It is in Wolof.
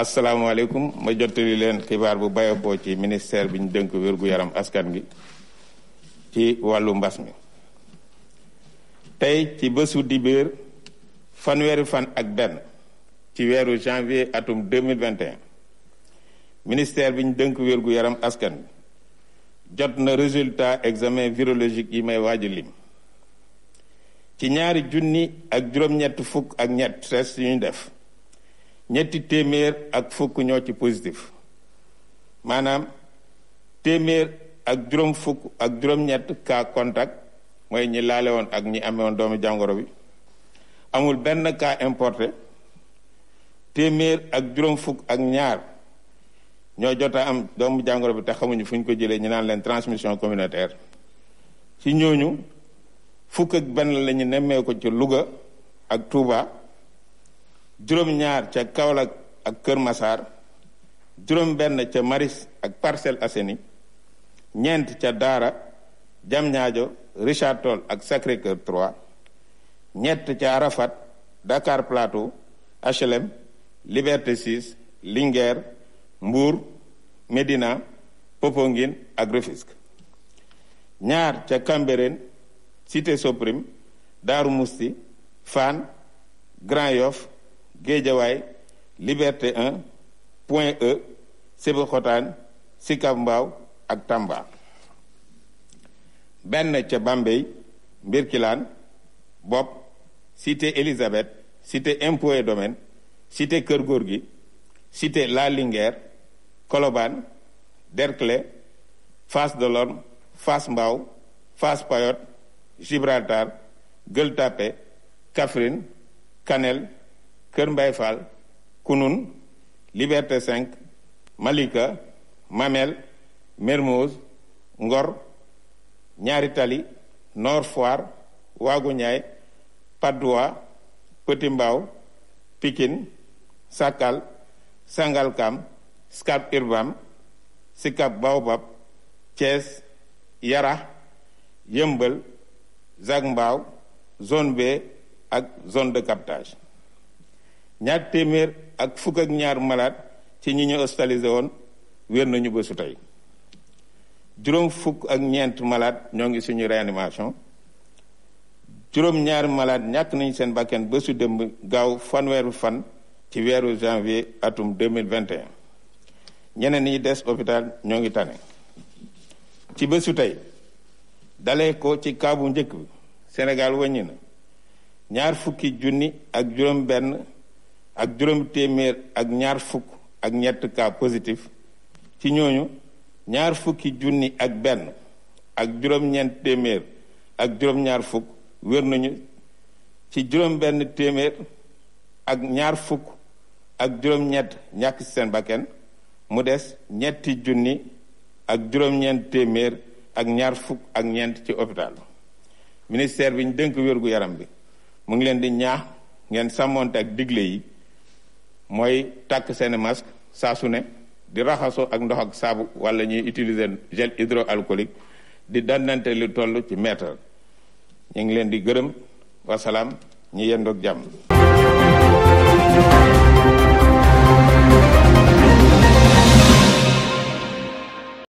asalaamaaleykum ma jottali leen xibaar bu bàyyeekoo ci ministère bi ñu dënk wér yaram askan gi ci wàllu mbas mi tey ci bésu dibéer fanweeri fan ak benn ci weeru janvier atum 2021 ministère bi dënk wér yaram askan bi jot na résultat examen virologique yi may waaj lim ci ñaari junni ak juróom-ñett fukk ak ñett test yu def ñetti téeméer ak fukk ñoo ci positif maanaam téeméer ak juróom fukk ak juróom-ñett cas contact mooy ñi laale woon ak ñi amee doomu jàngoro bi amul benn cas importé téeméer ak juróom fukk ak ñaar ñoo jot am doomu jàngoro bi te xamuñu fu ko jëlee ñu naan leen transmission communautaire ci ñooñu fukk ak benn la ñu nemmee ci Louga ak tuuba juróom-ñaar ca Kaolack ak Kër Massar juróom-benn ca Maris ak Parcelles Assainies ñeent ca Daara Diamniadio Richard Toll ak Sacré-Cœur 3 ñett ca Arafat Dakar Plateau HLM Liberté 6 Linguère Mbour Médina Popenguine ak Rufisque ñaar ca Cambérène Cité Soprim Daaru Musti Fann Grand Yoff Géejawaay Liberté 1 Point E Sébikotane Sicap Mbao ak Tamba benn ca Bambey Birkilaan Bopp cité Elisabeth cité Impôts et Domaines cité Kër Gorgui cité La Linguère Colobane Derklé Fass Delorme Fass Mbao Fass Payotte Gibraltar Gueule Tapée Kaffrine Kanel Kër Mbay Fall Kunun Liberté 5 Malika Mamel Mermoz Ngor Ñaari Tali Nord Foire Ñaay Patte d'Oie Petit Mbao Pikine Sakal Sangalkam Scat Urbam Sicap Baobab Thiès Yara Yëmbël Zac Mbao zone B ak zone de captage ñaar téeméer ak fukk ak ñaar malaat ci ñi ñu hospitalisé woon wéer nañu bésu tey juróom fukk ak ñeent malade ñoo ngi suñu réanimation juróom ñaari malade ñàkk nañu seen bakkan bésu démb gaaw fanweeru fan ci weeru janvier atum 2021 ñeneen ñi des hôpital ñoo ngi tane ci bésu tey dalee ko ci kaabu njëkk bi Sénégal wàññi ñaar fukki junni ak juróom benn ak juróom téeméer ak ñaar fukk ak ñett cas positif ci ñooñu ñaar fukki junni ak benn ak juróom-ñeent téeméer ak juróom-ñaar fukk wér nañu ci juróom-benn téeméer ak ñaar fukk ak juróom-ñett ñàkk ci seen bakken mu des ñetti junni ak juróom-ñeent téeméer ak ñaar fukk ak ñeent ci hôpital ministère biñ ñu dënk wér yaram bi mu ngi leen di ñaax ngeen sàmmoonte ak digle yi mooy takk seeni masque saa su ne di raxasoo ak ndox ak saabu wala ñuy utiliser gel hydroalcoolique di dandante lu toll ci mètre ñu ngi leen di gërëm ñi ñu yendoog jàmm